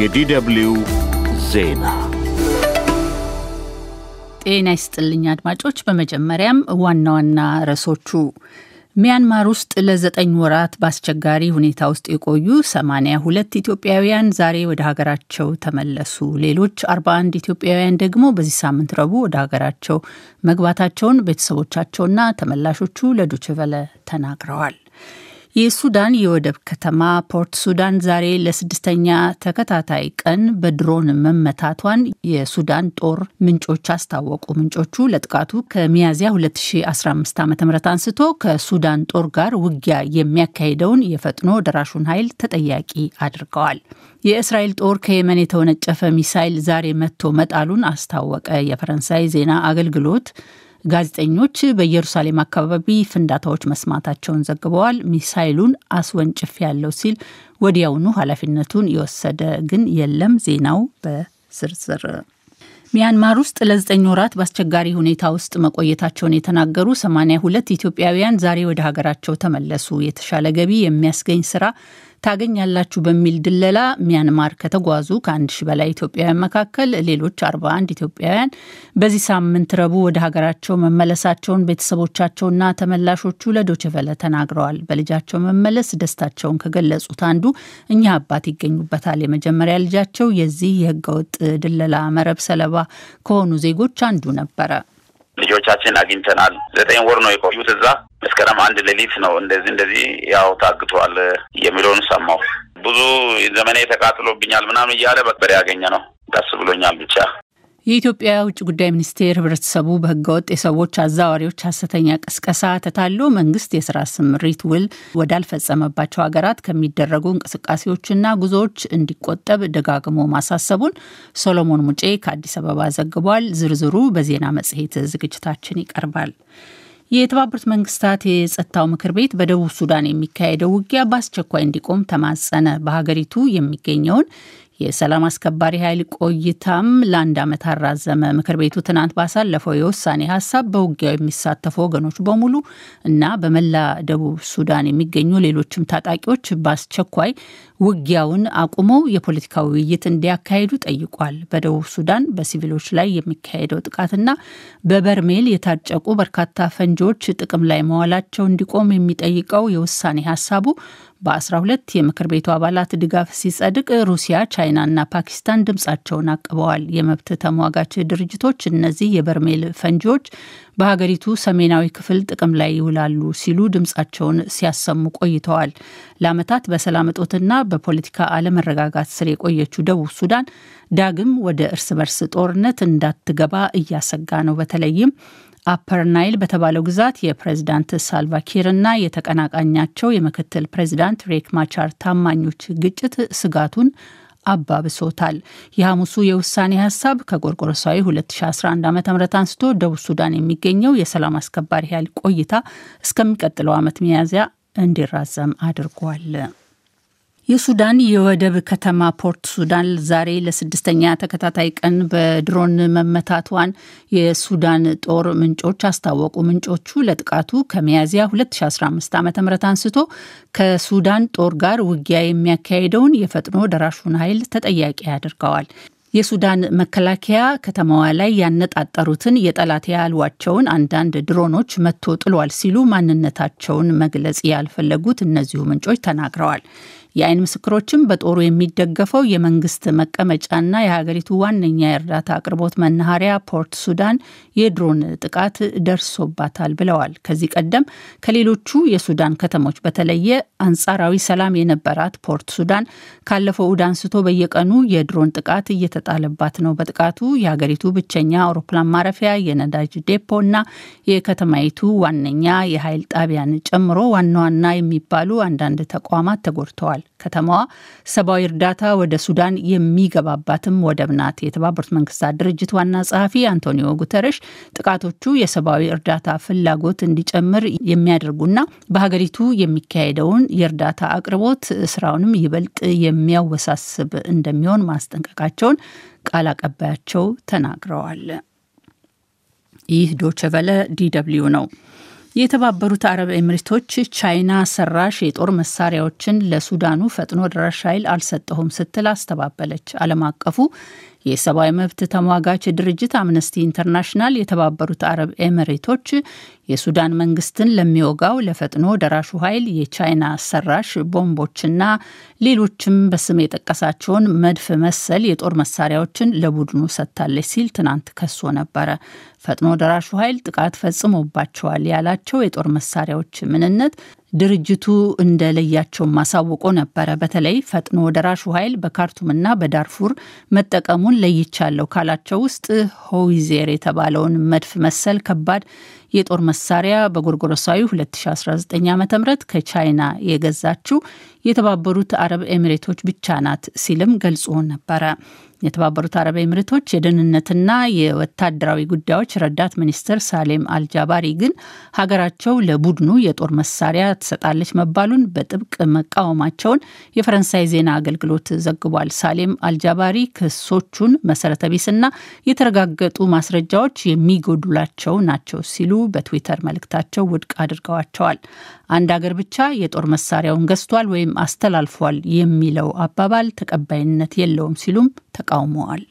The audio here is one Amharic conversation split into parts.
የዲደብሊው ዜና ጤና ይስጥልኝ አድማጮች። በመጀመሪያም ዋና ዋና ርዕሶቹ ሚያንማር ውስጥ ለዘጠኝ ወራት በአስቸጋሪ ሁኔታ ውስጥ የቆዩ 82 ኢትዮጵያውያን ዛሬ ወደ ሀገራቸው ተመለሱ። ሌሎች 41 ኢትዮጵያውያን ደግሞ በዚህ ሳምንት ረቡዕ ወደ ሀገራቸው መግባታቸውን ቤተሰቦቻቸውና ተመላሾቹ ለዶችቨለ ተናግረዋል። የሱዳን የወደብ ከተማ ፖርት ሱዳን ዛሬ ለስድስተኛ ተከታታይ ቀን በድሮን መመታቷን የሱዳን ጦር ምንጮች አስታወቁ። ምንጮቹ ለጥቃቱ ከሚያዝያ 2015 ዓ ም አንስቶ ከሱዳን ጦር ጋር ውጊያ የሚያካሂደውን የፈጥኖ ደራሹን ኃይል ተጠያቂ አድርገዋል። የእስራኤል ጦር ከየመን የተወነጨፈ ሚሳይል ዛሬ መጥቶ መጣሉን አስታወቀ። የፈረንሳይ ዜና አገልግሎት ጋዜጠኞች በኢየሩሳሌም አካባቢ ፍንዳታዎች መስማታቸውን ዘግበዋል። ሚሳይሉን አስወንጭፍ ያለው ሲል ወዲያውኑ ኃላፊነቱን የወሰደ ግን የለም። ዜናው በዝርዝር ሚያንማር ውስጥ ለዘጠኝ ወራት በአስቸጋሪ ሁኔታ ውስጥ መቆየታቸውን የተናገሩ 82 ኢትዮጵያውያን ዛሬ ወደ ሀገራቸው ተመለሱ። የተሻለ ገቢ የሚያስገኝ ስራ ታገኛላችሁ በሚል ድለላ ሚያንማር ከተጓዙ ከአንድ ሺ በላይ ኢትዮጵያውያን መካከል ሌሎች 41 ኢትዮጵያውያን በዚህ ሳምንት ረቡዕ ወደ ሀገራቸው መመለሳቸውን ቤተሰቦቻቸውና ተመላሾቹ ለዶችቨለ ተናግረዋል። በልጃቸው መመለስ ደስታቸውን ከገለጹት አንዱ እኚህ አባት ይገኙበታል። የመጀመሪያ ልጃቸው የዚህ የህገወጥ ድለላ መረብ ሰለባ ከሆኑ ዜጎች አንዱ ነበረ። ልጆቻችን አግኝተናል። ዘጠኝ ወር ነው የቆዩት እዛ። መስከረም አንድ ሌሊት ነው እንደዚህ እንደዚህ ያው ታግቷል የሚለውን ሰማሁ። ብዙ ዘመኔ ተቃጥሎብኛል ምናምን እያለ በቅበር ያገኘ ነው። ደስ ብሎኛል ብቻ የኢትዮጵያ ውጭ ጉዳይ ሚኒስቴር ህብረተሰቡ በህገወጥ የሰዎች አዛዋሪዎች ሀሰተኛ ቅስቀሳ ተታሎ መንግስት የስራ ስምሪት ውል ወዳልፈጸመባቸው ሀገራት ከሚደረጉ እንቅስቃሴዎችና ጉዞዎች እንዲቆጠብ ደጋግሞ ማሳሰቡን ሶሎሞን ሙጬ ከአዲስ አበባ ዘግቧል። ዝርዝሩ በዜና መጽሔት ዝግጅታችን ይቀርባል። የተባበሩት መንግስታት የጸጥታው ምክር ቤት በደቡብ ሱዳን የሚካሄደው ውጊያ በአስቸኳይ እንዲቆም ተማጸነ። በሀገሪቱ የሚገኘውን የሰላም አስከባሪ ኃይል ቆይታም ለአንድ ዓመት አራዘመ። ምክር ቤቱ ትናንት ባሳለፈው የውሳኔ ሀሳብ በውጊያው የሚሳተፉ ወገኖች በሙሉ እና በመላ ደቡብ ሱዳን የሚገኙ ሌሎችም ታጣቂዎች በአስቸኳይ ውጊያውን አቁመው የፖለቲካ ውይይት እንዲያካሄዱ ጠይቋል። በደቡብ ሱዳን በሲቪሎች ላይ የሚካሄደው ጥቃትና በበርሜል የታጨቁ በርካታ ፈንጂዎች ጥቅም ላይ መዋላቸው እንዲቆም የሚጠይቀው የውሳኔ ሀሳቡ በ12 የምክር ቤቱ አባላት ድጋፍ ሲጸድቅ ሩሲያ፣ ቻይና እና ፓኪስታን ድምፃቸውን አቅበዋል። የመብት ተሟጋች ድርጅቶች እነዚህ የበርሜል ፈንጂዎች በሀገሪቱ ሰሜናዊ ክፍል ጥቅም ላይ ይውላሉ ሲሉ ድምፃቸውን ሲያሰሙ ቆይተዋል። ለዓመታት በሰላም እጦትና በፖለቲካ አለመረጋጋት ስር የቆየችው ደቡብ ሱዳን ዳግም ወደ እርስ በርስ ጦርነት እንዳትገባ እያሰጋ ነው። በተለይም አፐር ናይል በተባለው ግዛት የፕሬዝዳንት እና የተቀናቃኛቸው የምክትል ፕሬዝዳንት ሬክ ማቻር ታማኞች ግጭት ስጋቱን አባብሶታል። የሐሙሱ የውሳኔ ሀሳብ ከጎርጎሮሳዊ 2011 ዓ ም አንስቶ ደቡብ ሱዳን የሚገኘው የሰላም አስከባሪ ኃይል ቆይታ እስከሚቀጥለው ዓመት ሚያዝያ እንዲራዘም አድርጓል። የሱዳን የወደብ ከተማ ፖርት ሱዳን ዛሬ ለስድስተኛ ተከታታይ ቀን በድሮን መመታቷን የሱዳን ጦር ምንጮች አስታወቁ። ምንጮቹ ለጥቃቱ ከሚያዝያ 2015 ዓ ም አንስቶ ከሱዳን ጦር ጋር ውጊያ የሚያካሄደውን የፈጥኖ ደራሹን ኃይል ተጠያቂ አድርገዋል። የሱዳን መከላከያ ከተማዋ ላይ ያነጣጠሩትን የጠላት ያሏቸውን አንዳንድ ድሮኖች መቶ ጥሏል ሲሉ ማንነታቸውን መግለጽ ያልፈለጉት እነዚሁ ምንጮች ተናግረዋል። የአይን ምስክሮችም በጦሩ የሚደገፈው የመንግስት መቀመጫና የሀገሪቱ ዋነኛ የእርዳታ አቅርቦት መናኸሪያ ፖርት ሱዳን የድሮን ጥቃት ደርሶባታል ብለዋል። ከዚህ ቀደም ከሌሎቹ የሱዳን ከተሞች በተለየ አንጻራዊ ሰላም የነበራት ፖርት ሱዳን ካለፈው እሁድ አንስቶ በየቀኑ የድሮን ጥቃት እየተጣለባት ነው። በጥቃቱ የሀገሪቱ ብቸኛ አውሮፕላን ማረፊያ፣ የነዳጅ ዴፖ እና የከተማይቱ ዋነኛ የኃይል ጣቢያን ጨምሮ ዋና ዋና የሚባሉ አንዳንድ ተቋማት ተጎድተዋል። ይላል። ከተማዋ ሰብአዊ እርዳታ ወደ ሱዳን የሚገባባትም ወደብ ናት። የተባበሩት መንግስታት ድርጅት ዋና ጸሐፊ አንቶኒዮ ጉተረሽ ጥቃቶቹ የሰብአዊ እርዳታ ፍላጎት እንዲጨምር የሚያደርጉና በሀገሪቱ የሚካሄደውን የእርዳታ አቅርቦት ስራውንም ይበልጥ የሚያወሳስብ እንደሚሆን ማስጠንቀቃቸውን ቃል አቀባያቸው ተናግረዋል። ይህ ዶቸቨለ ዲ ነው። የተባበሩት አረብ ኤምሬቶች ቻይና ሰራሽ የጦር መሳሪያዎችን ለሱዳኑ ፈጥኖ ደራሽ ኃይል አልሰጠሁም ስትል አስተባበለች። ዓለም አቀፉ የሰብአዊ መብት ተሟጋች ድርጅት አምነስቲ ኢንተርናሽናል የተባበሩት አረብ ኤምሬቶች የሱዳን መንግስትን ለሚወጋው ለፈጥኖ ደራሹ ኃይል የቻይና ሰራሽ ቦምቦችና ሌሎችም በስም የጠቀሳቸውን መድፍ መሰል የጦር መሳሪያዎችን ለቡድኑ ሰጥታለች ሲል ትናንት ከሶ ነበረ። ፈጥኖ ደራሹ ኃይል ጥቃት ፈጽሞባቸዋል ያላቸው የጦር መሳሪያዎች ምንነት ድርጅቱ እንደለያቸው ማሳውቆ ነበረ። በተለይ ፈጥኖ ደራሹ ኃይል በካርቱምና በዳርፉር መጠቀሙን ለይቻለሁ ካላቸው ውስጥ ሆዊዜር የተባለውን መድፍ መሰል ከባድ የጦር መሳሪያ በጎርጎረሳዊ 2019 ዓ ም ከቻይና የገዛችው የተባበሩት አረብ ኤሚሬቶች ብቻ ናት ሲልም ገልጾ ነበረ። የተባበሩት አረብ ኤምሬቶች የደህንነትና የወታደራዊ ጉዳዮች ረዳት ሚኒስትር ሳሌም አልጃባሪ ግን ሀገራቸው ለቡድኑ የጦር መሳሪያ ትሰጣለች መባሉን በጥብቅ መቃወማቸውን የፈረንሳይ ዜና አገልግሎት ዘግቧል። ሳሌም አልጃባሪ ክሶቹን መሰረተ ቢስና የተረጋገጡ ማስረጃዎች የሚጎዱላቸው ናቸው ሲሉ በትዊተር መልእክታቸው ውድቅ አድርገዋቸዋል። አንድ አገር ብቻ የጦር መሳሪያውን ገዝቷል ወይም አስተላልፏል የሚለው አባባል ተቀባይነት የለውም ሲሉም ተቃውመዋል።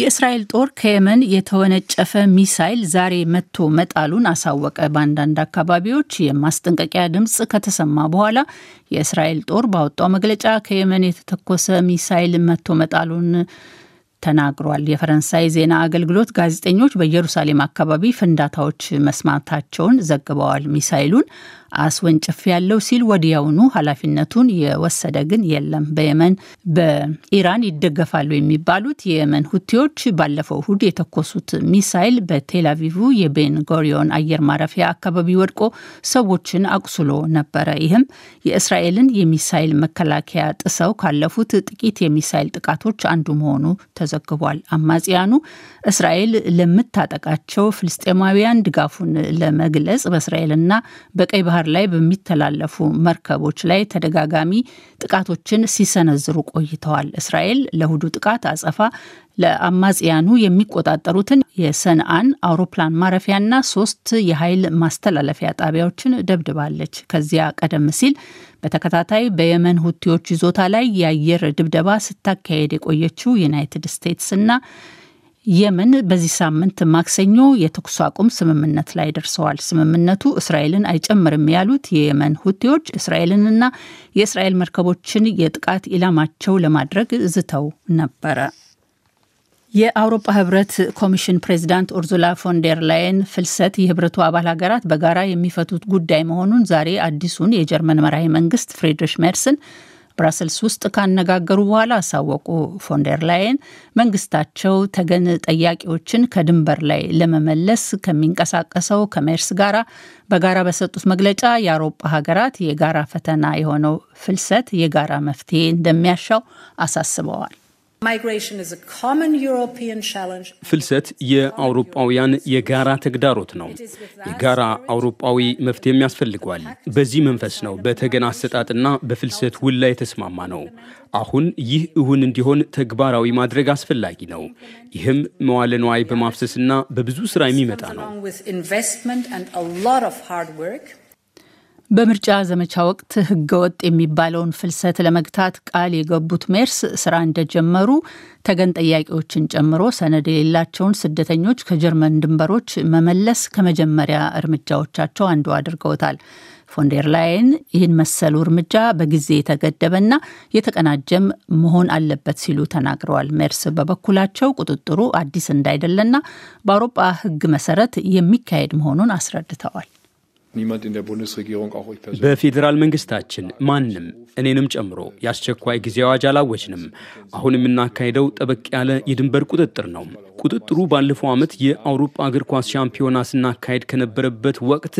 የእስራኤል ጦር ከየመን የተወነጨፈ ሚሳይል ዛሬ መቶ መጣሉን አሳወቀ። በአንዳንድ አካባቢዎች የማስጠንቀቂያ ድምፅ ከተሰማ በኋላ የእስራኤል ጦር ባወጣው መግለጫ ከየመን የተተኮሰ ሚሳይል መቶ መጣሉን ተናግሯል። የፈረንሳይ ዜና አገልግሎት ጋዜጠኞች በኢየሩሳሌም አካባቢ ፍንዳታዎች መስማታቸውን ዘግበዋል። ሚሳይሉን አስወንጭፍ ያለው ሲል ወዲያውኑ ኃላፊነቱን የወሰደ ግን የለም። በየመን በኢራን ይደገፋሉ የሚባሉት የየመን ሁቲዎች ባለፈው እሁድ የተኮሱት ሚሳይል በቴላቪቭ የቤንጎሪዮን አየር ማረፊያ አካባቢ ወድቆ ሰዎችን አቁስሎ ነበረ። ይህም የእስራኤልን የሚሳይል መከላከያ ጥሰው ካለፉት ጥቂት የሚሳይል ጥቃቶች አንዱ መሆኑ ተዘግቧል። አማጽያኑ እስራኤል ለምታጠቃቸው ፍልስጤማውያን ድጋፉን ለመግለጽ በእስራኤልና በቀይ ባህር ላይ በሚተላለፉ መርከቦች ላይ ተደጋጋሚ ጥቃቶችን ሲሰነዝሩ ቆይተዋል። እስራኤል ለእሁዱ ጥቃት አጸፋ ለአማጽያኑ የሚቆጣጠሩትን የሰንአን አውሮፕላን ማረፊያና ሶስት የኃይል ማስተላለፊያ ጣቢያዎችን ደብድባለች። ከዚያ ቀደም ሲል በተከታታይ በየመን ሁቲዎች ይዞታ ላይ የአየር ድብደባ ስታካሄድ የቆየችው ዩናይትድ ስቴትስና የመን በዚህ ሳምንት ማክሰኞ የተኩስ አቁም ስምምነት ላይ ደርሰዋል። ስምምነቱ እስራኤልን አይጨምርም ያሉት የየመን ሁቲዎች እስራኤልንና የእስራኤል መርከቦችን የጥቃት ኢላማቸው ለማድረግ ዝተው ነበረ። የአውሮፓ ህብረት ኮሚሽን ፕሬዚዳንት ኡርዙላ ፎንደር ላየን ፍልሰት የህብረቱ አባል ሀገራት በጋራ የሚፈቱት ጉዳይ መሆኑን ዛሬ አዲሱን የጀርመን መራሄ መንግስት ፍሬድሪሽ ሜርስን ብራሰልስ ውስጥ ካነጋገሩ በኋላ አሳወቁ። ፎንደር ላየን መንግስታቸው ተገን ጠያቂዎችን ከድንበር ላይ ለመመለስ ከሚንቀሳቀሰው ከሜርስ ጋራ በጋራ በሰጡት መግለጫ የአውሮፓ ሀገራት የጋራ ፈተና የሆነው ፍልሰት የጋራ መፍትሄ እንደሚያሻው አሳስበዋል። ፍልሰት የአውሮጳውያን የጋራ ተግዳሮት ነው። የጋራ አውሮጳዊ መፍትሄም ያስፈልገዋል። በዚህ መንፈስ ነው በተገን አሰጣጥና በፍልሰት ውል ላይ የተስማማ ነው። አሁን ይህ እሁን እንዲሆን ተግባራዊ ማድረግ አስፈላጊ ነው። ይህም መዋለ ንዋይ በማፍሰስና በብዙ ስራ የሚመጣ ነው። በምርጫ ዘመቻ ወቅት ህገወጥ የሚባለውን ፍልሰት ለመግታት ቃል የገቡት ሜርስ ስራ እንደጀመሩ ተገን ጠያቂዎችን ጨምሮ ሰነድ የሌላቸውን ስደተኞች ከጀርመን ድንበሮች መመለስ ከመጀመሪያ እርምጃዎቻቸው አንዱ አድርገውታል። ፎንዴር ላይን ይህን መሰሉ እርምጃ በጊዜ የተገደበና የተቀናጀም መሆን አለበት ሲሉ ተናግረዋል። ሜርስ በበኩላቸው ቁጥጥሩ አዲስ እንዳይደለና በአውሮፓ ህግ መሰረት የሚካሄድ መሆኑን አስረድተዋል። በፌዴራል መንግስታችን ማንም እኔንም ጨምሮ የአስቸኳይ ጊዜ አዋጅ አላወጅንም። አሁን የምናካሄደው ጠበቅ ያለ የድንበር ቁጥጥር ነው። ቁጥጥሩ ባለፈው ዓመት የአውሮፓ እግር ኳስ ሻምፒዮና ስናካሄድ ከነበረበት ወቅት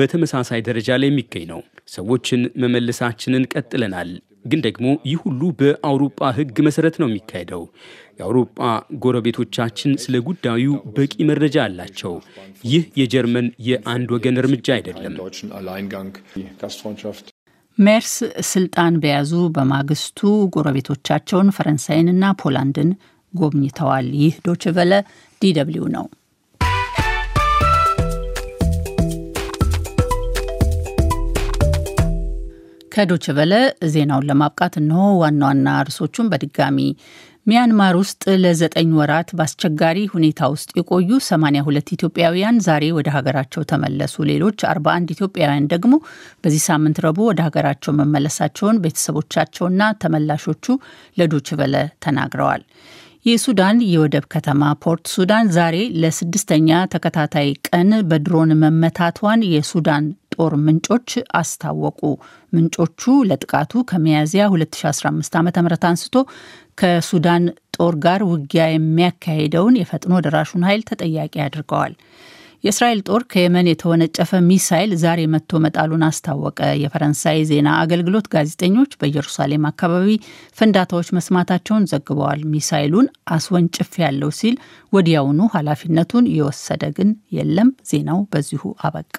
በተመሳሳይ ደረጃ ላይ የሚገኝ ነው። ሰዎችን መመለሳችንን ቀጥለናል። ግን ደግሞ ይህ ሁሉ በአውሮጳ ህግ መሰረት ነው የሚካሄደው። የአውሮጳ ጎረቤቶቻችን ስለ ጉዳዩ በቂ መረጃ አላቸው። ይህ የጀርመን የአንድ ወገን እርምጃ አይደለም። ሜርስ ስልጣን በያዙ በማግስቱ ጎረቤቶቻቸውን ፈረንሳይንና ፖላንድን ጎብኝተዋል። ይህ ዶችቨለ ዲ ነው። ከዶች ዜናውን ለማብቃት እንሆ ዋና ዋና ርዕሶቹን በድጋሚ ሚያንማር ውስጥ ለዘጠኝ ወራት በአስቸጋሪ ሁኔታ ውስጥ የቆዩ 82 ኢትዮጵያውያን ዛሬ ወደ ሀገራቸው ተመለሱ። ሌሎች 41 ኢትዮጵያውያን ደግሞ በዚህ ሳምንት ረቡዕ ወደ ሀገራቸው መመለሳቸውን ቤተሰቦቻቸውና ተመላሾቹ ለዶች ተናግረዋል። የሱዳን የወደብ ከተማ ፖርት ሱዳን ዛሬ ለስድስተኛ ተከታታይ ቀን በድሮን መመታቷን የሱዳን ጦር ምንጮች አስታወቁ። ምንጮቹ ለጥቃቱ ከሚያዝያ 2015 ዓ ም አንስቶ ከሱዳን ጦር ጋር ውጊያ የሚያካሂደውን የፈጥኖ ደራሹን ኃይል ተጠያቂ አድርገዋል። የእስራኤል ጦር ከየመን የተወነጨፈ ሚሳይል ዛሬ መጥቶ መጣሉን አስታወቀ። የፈረንሳይ ዜና አገልግሎት ጋዜጠኞች በኢየሩሳሌም አካባቢ ፍንዳታዎች መስማታቸውን ዘግበዋል። ሚሳይሉን አስወንጭፍ ያለው ሲል ወዲያውኑ ኃላፊነቱን የወሰደ ግን የለም። ዜናው በዚሁ አበቃ።